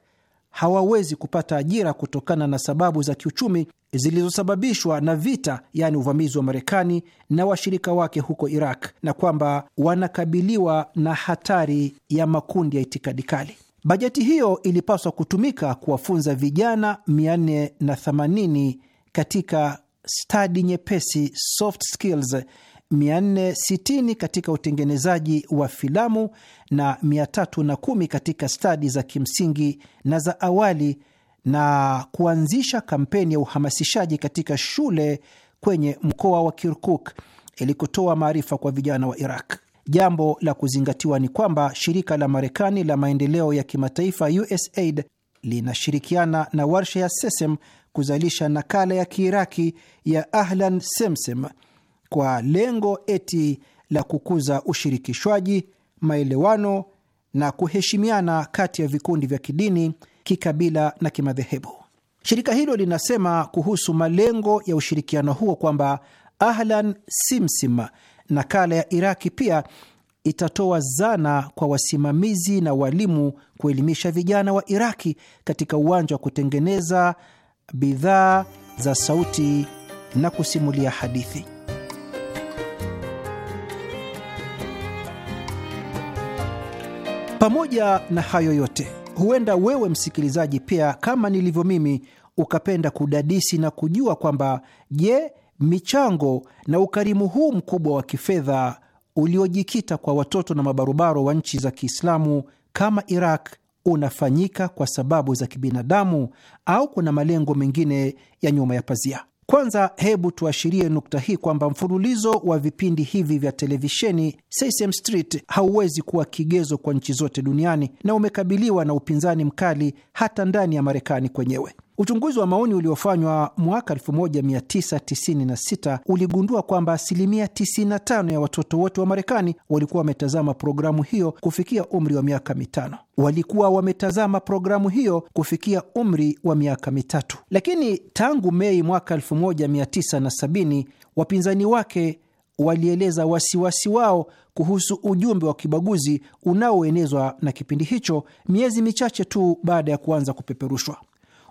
hawawezi kupata ajira kutokana na sababu za kiuchumi zilizosababishwa na vita, yaani uvamizi wa Marekani na washirika wake huko Iraq, na kwamba wanakabiliwa na hatari ya makundi ya itikadi kali. Bajeti hiyo ilipaswa kutumika kuwafunza vijana 480 katika stadi nyepesi soft skills 460 katika utengenezaji wa filamu na 310 katika stadi za kimsingi na za awali na kuanzisha kampeni ya uhamasishaji katika shule kwenye mkoa wa Kirkuk ili kutoa maarifa kwa vijana wa Iraq. Jambo la kuzingatiwa ni kwamba shirika la Marekani la maendeleo ya kimataifa USAID linashirikiana na warsha ya SESEM kuzalisha nakala ya Kiiraki ya Ahlan Semsem kwa lengo eti la kukuza ushirikishwaji, maelewano na kuheshimiana kati ya vikundi vya kidini, kikabila na kimadhehebu. Shirika hilo linasema kuhusu malengo ya ushirikiano huo kwamba Ahlan Simsim, nakala ya Iraki, pia itatoa zana kwa wasimamizi na walimu kuelimisha vijana wa Iraki katika uwanja wa kutengeneza bidhaa za sauti na kusimulia hadithi. Pamoja na hayo yote, huenda wewe msikilizaji pia, kama nilivyo mimi, ukapenda kudadisi na kujua kwamba je, michango na ukarimu huu mkubwa wa kifedha uliojikita kwa watoto na mabarobaro wa nchi za Kiislamu kama Iraq unafanyika kwa sababu za kibinadamu au kuna malengo mengine ya nyuma ya pazia. Kwanza, hebu tuashirie nukta hii kwamba mfululizo wa vipindi hivi vya televisheni Sesame Street hauwezi kuwa kigezo kwa nchi zote duniani na umekabiliwa na upinzani mkali hata ndani ya Marekani kwenyewe. Uchunguzi wa maoni uliofanywa mwaka 1996 uligundua kwamba asilimia 95 ya watoto wote wa Marekani walikuwa wametazama programu hiyo kufikia umri wa miaka mitano. Walikuwa wametazama programu hiyo kufikia umri wa miaka mitatu, lakini tangu Mei mwaka 1970 wapinzani wake walieleza wasiwasi wao kuhusu ujumbe wa kibaguzi unaoenezwa na kipindi hicho, miezi michache tu baada ya kuanza kupeperushwa.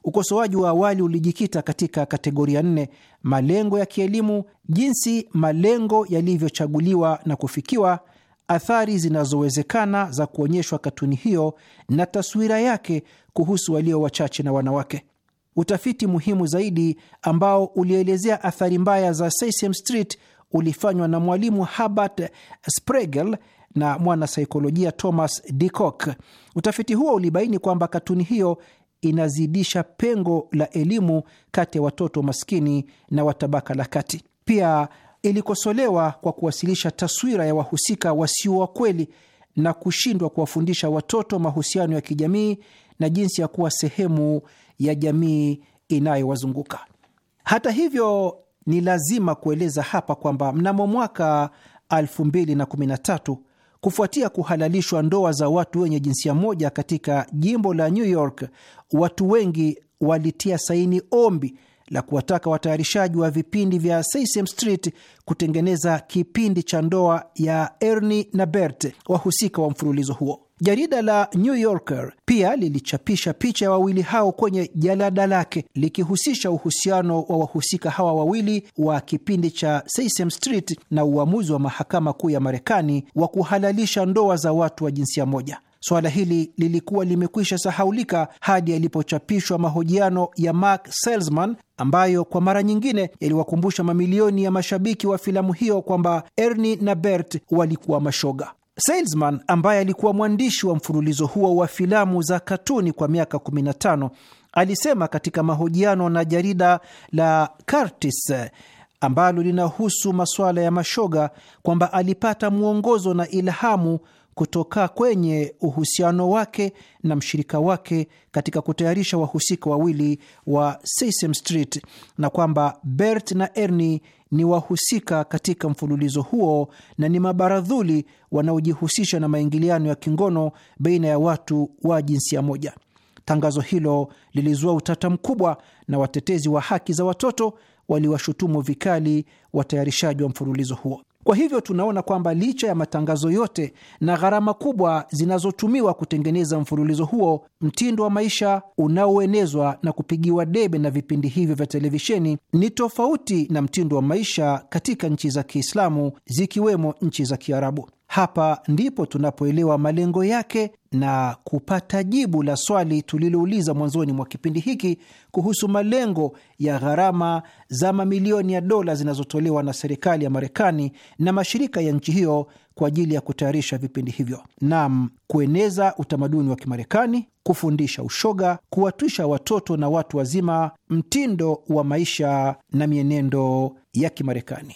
Ukosoaji wa awali ulijikita katika kategoria nne: malengo ya kielimu, jinsi malengo yalivyochaguliwa na kufikiwa, athari zinazowezekana za kuonyeshwa katuni hiyo na taswira yake kuhusu walio wachache na wanawake. Utafiti muhimu zaidi ambao ulielezea athari mbaya za Sesame Street ulifanywa na mwalimu Herbert Spregel na mwanasaikolojia Thomas D Utafiti huo ulibaini kwamba katuni hiyo inazidisha pengo la elimu kati ya watoto maskini na wa tabaka la kati. Pia ilikosolewa kwa kuwasilisha taswira ya wahusika wasio wa kweli na kushindwa kuwafundisha watoto mahusiano ya kijamii na jinsi ya kuwa sehemu ya jamii inayowazunguka. Hata hivyo, ni lazima kueleza hapa kwamba mnamo mwaka 2013 Kufuatia kuhalalishwa ndoa za watu wenye jinsia moja katika jimbo la New York, watu wengi walitia saini ombi la kuwataka watayarishaji wa vipindi vya Sesame Street kutengeneza kipindi cha ndoa ya Ernie na Bert, wahusika wa mfululizo huo. Jarida la New Yorker pia lilichapisha picha ya wawili hao kwenye jalada lake likihusisha uhusiano wa wahusika hawa wawili wa kipindi cha Sesame Street na uamuzi wa mahakama kuu ya Marekani wa kuhalalisha ndoa za watu wa jinsia moja. Suala hili lilikuwa limekwisha sahaulika hadi yalipochapishwa mahojiano ya Mark Selzman ambayo kwa mara nyingine yaliwakumbusha mamilioni ya mashabiki wa filamu hiyo kwamba Ernie na Bert walikuwa mashoga. Salesman ambaye alikuwa mwandishi wa mfululizo huo wa filamu za katuni kwa miaka 15 alisema katika mahojiano na jarida la Curtis ambalo linahusu masuala ya mashoga kwamba alipata mwongozo na ilhamu kutoka kwenye uhusiano wake na mshirika wake katika kutayarisha wahusika wawili wa Sesame Street na kwamba Bert na Ernie ni wahusika katika mfululizo huo na ni mabaradhuli wanaojihusisha na maingiliano ya kingono baina ya watu wa jinsia moja. Tangazo hilo lilizua utata mkubwa na watetezi wa haki za watoto waliwashutumu vikali watayarishaji wa mfululizo huo. Kwa hivyo tunaona kwamba licha ya matangazo yote na gharama kubwa zinazotumiwa kutengeneza mfululizo huo, mtindo wa maisha unaoenezwa na kupigiwa debe na vipindi hivyo vya televisheni ni tofauti na mtindo wa maisha katika nchi za Kiislamu zikiwemo nchi za Kiarabu. Hapa ndipo tunapoelewa malengo yake na kupata jibu la swali tulilouliza mwanzoni mwa kipindi hiki kuhusu malengo ya gharama za mamilioni ya dola zinazotolewa na serikali ya Marekani na mashirika ya nchi hiyo kwa ajili ya kutayarisha vipindi hivyo. Naam, kueneza utamaduni wa Kimarekani, kufundisha ushoga, kuwatwisha watoto na watu wazima mtindo wa maisha na mienendo ya Kimarekani.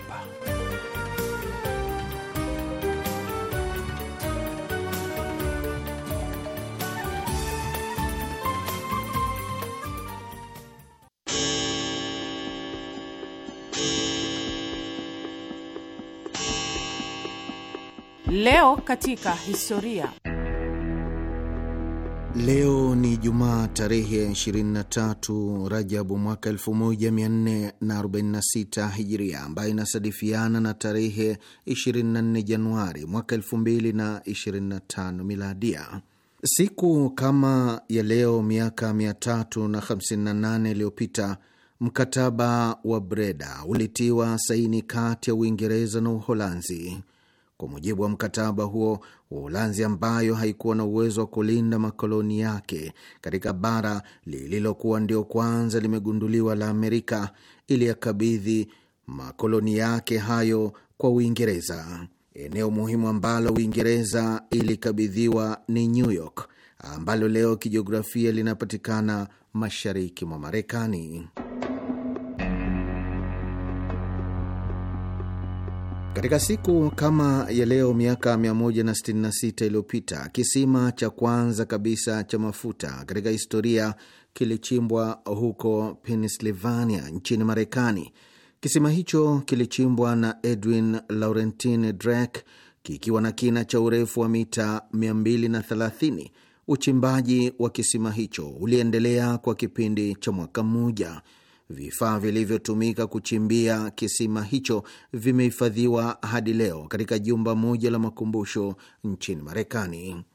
Leo katika historia. Leo ni Jumaa tarehe 23 Rajabu mwaka 1446 Hijiria, ambayo inasadifiana na tarehe 24 Januari mwaka 2025 Miladia. Siku kama ya leo miaka 358 iliyopita mkataba wa Breda ulitiwa saini kati ya Uingereza na Uholanzi. Kwa mujibu wa mkataba huo, Uholanzi ambayo haikuwa na uwezo wa kulinda makoloni yake katika bara lililokuwa ndio kwanza limegunduliwa la Amerika, iliyakabidhi makoloni yake hayo kwa Uingereza. Eneo muhimu ambalo Uingereza ilikabidhiwa ni New York ambalo leo kijiografia linapatikana mashariki mwa Marekani. Katika siku kama ya leo miaka 166 iliyopita kisima cha kwanza kabisa cha mafuta katika historia kilichimbwa huko Pennsylvania nchini Marekani. Kisima hicho kilichimbwa na Edwin Laurentine Drake kikiwa na kina cha urefu wa mita 230. Uchimbaji wa kisima hicho uliendelea kwa kipindi cha mwaka mmoja. Vifaa vilivyotumika kuchimbia kisima hicho vimehifadhiwa hadi leo katika jumba moja la makumbusho nchini Marekani.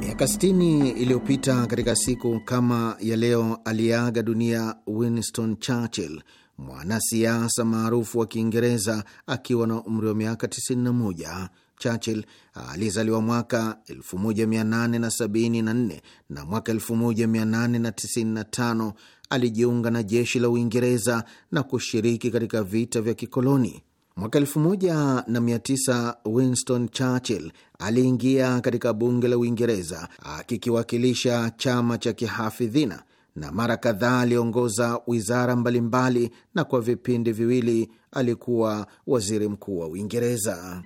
Miaka 60 iliyopita katika siku kama ya leo aliaga dunia Winston Churchill, mwanasiasa maarufu wa Kiingereza akiwa na umri wa miaka 91. Churchill alizaliwa mwaka 1874 na mwaka 1895 alijiunga na jeshi la Uingereza na kushiriki katika vita vya kikoloni. Mwaka 1900 Winston Churchill aliingia katika bunge la Uingereza akikiwakilisha chama cha kihafidhina na mara kadhaa aliongoza wizara mbalimbali na kwa vipindi viwili alikuwa waziri mkuu wa Uingereza.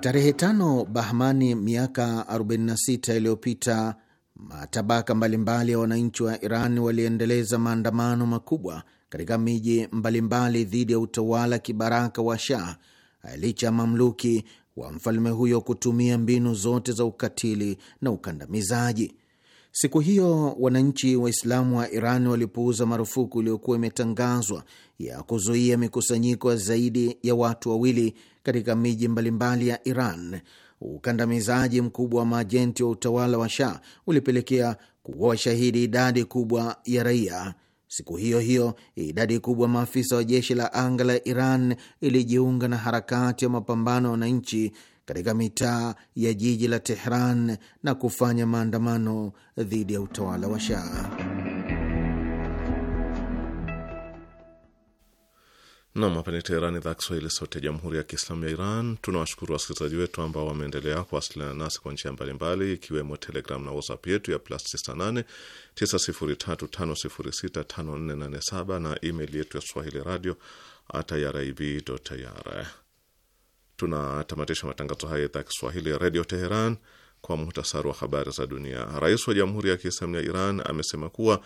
Tarehe tano Bahmani miaka 46 iliyopita, matabaka mbalimbali ya wananchi wa Iran waliendeleza maandamano makubwa katika miji mbalimbali dhidi ya utawala kibaraka wa Shah licha ya mamluki wa mfalme huyo kutumia mbinu zote za ukatili na ukandamizaji. Siku hiyo wananchi Waislamu wa Iran walipuuza marufuku iliyokuwa imetangazwa ya kuzuia mikusanyiko ya zaidi ya watu wawili katika miji mbalimbali ya Iran. Ukandamizaji mkubwa wa maajenti wa utawala wa Shah ulipelekea kuwa shahidi idadi kubwa ya raia. Siku hiyo hiyo idadi kubwa maafisa wa jeshi la anga la Iran ilijiunga na harakati ya mapambano ya wananchi katika mitaa ya jiji la Tehran na kufanya maandamano dhidi ya utawala wa Shah. Nam, hapa ni Teherani, idhaa Kiswahili, sauti ya jamhuri ya kiislamu ya Iran. Tunawashukuru wasikilizaji wetu ambao wameendelea kuwasiliana nasi kwa njia mbalimbali, ikiwemo Telegram na WhatsApp yetu ya plus 98 na email yetu ya swahili radio at irib Tunatamatisha matangazo haya idhaa Kiswahili ya redio Teheran kwa muhtasari wa habari za dunia. Rais wa Jamhuri ya Kiislamu ya Iran amesema kuwa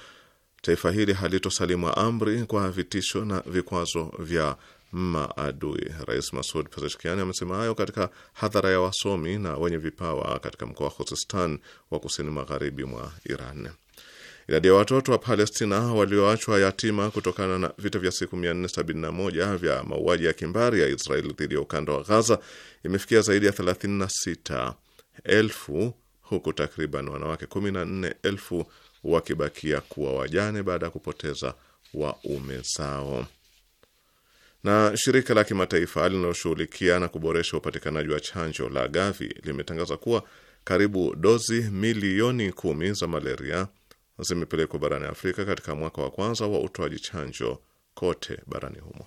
taifa hili halitosalimwa amri kwa vitisho na vikwazo vya maadui. Rais Masud Pezeshkian amesema hayo katika hadhara ya wasomi na wenye vipawa katika mkoa wa Khuzestan wa kusini magharibi mwa Iran. Idadi ya watoto wa Palestina walioachwa yatima kutokana na vita vya siku 471 vya mauaji ya kimbari ya Israeli dhidi ya ukanda wa Ghaza imefikia zaidi ya 36 elfu huku takriban wanawake 14 elfu wakibakia kuwa wajane baada ya kupoteza waume zao. Na shirika la kimataifa linaloshughulikia na kuboresha upatikanaji wa chanjo la Gavi limetangaza kuwa karibu dozi milioni kumi za malaria zimepelekwa barani Afrika katika mwaka wa kwanza wa utoaji chanjo kote barani humo.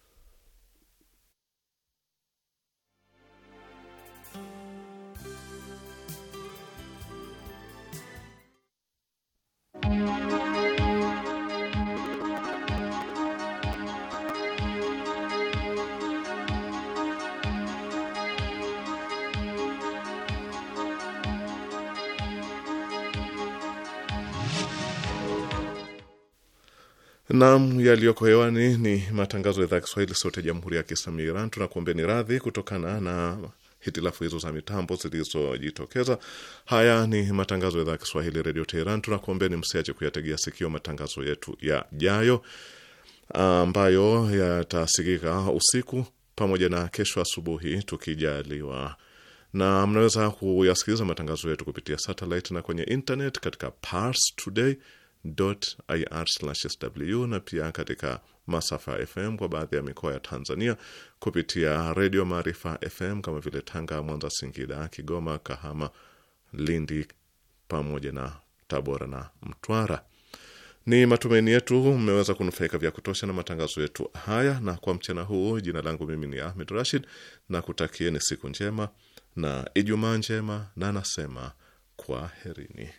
yaliyoko hewani ni matangazo ya idhaa Kiswahili sote ya Jamhuri ya Kiislamu ya Iran. Tunakuombeni radhi kutokana na hitilafu hizo za mitambo zilizojitokeza. Haya ni matangazo ya idhaa Kiswahili Redio Teheran. Tunakuombeni msiache kuyategea sikio matangazo yetu yajayo ambayo yatasikika usiku pamoja na kesho asubuhi tukijaliwa, na mnaweza kuyasikiliza matangazo yetu kupitia satellite na kwenye internet katika Pars Today ir/sw na pia katika masafa ya FM kwa baadhi ya mikoa ya Tanzania kupitia Redio Maarifa FM kama vile Tanga, Mwanza, Singida, Kigoma, Kahama, Lindi pamoja na Tabora na Mtwara. Ni matumaini yetu mmeweza kunufaika vya kutosha na matangazo yetu haya, na kwa mchana huu, jina langu mimi ni Ahmed Rashid na kutakieni siku njema na Ijumaa njema, na nasema kwaherini.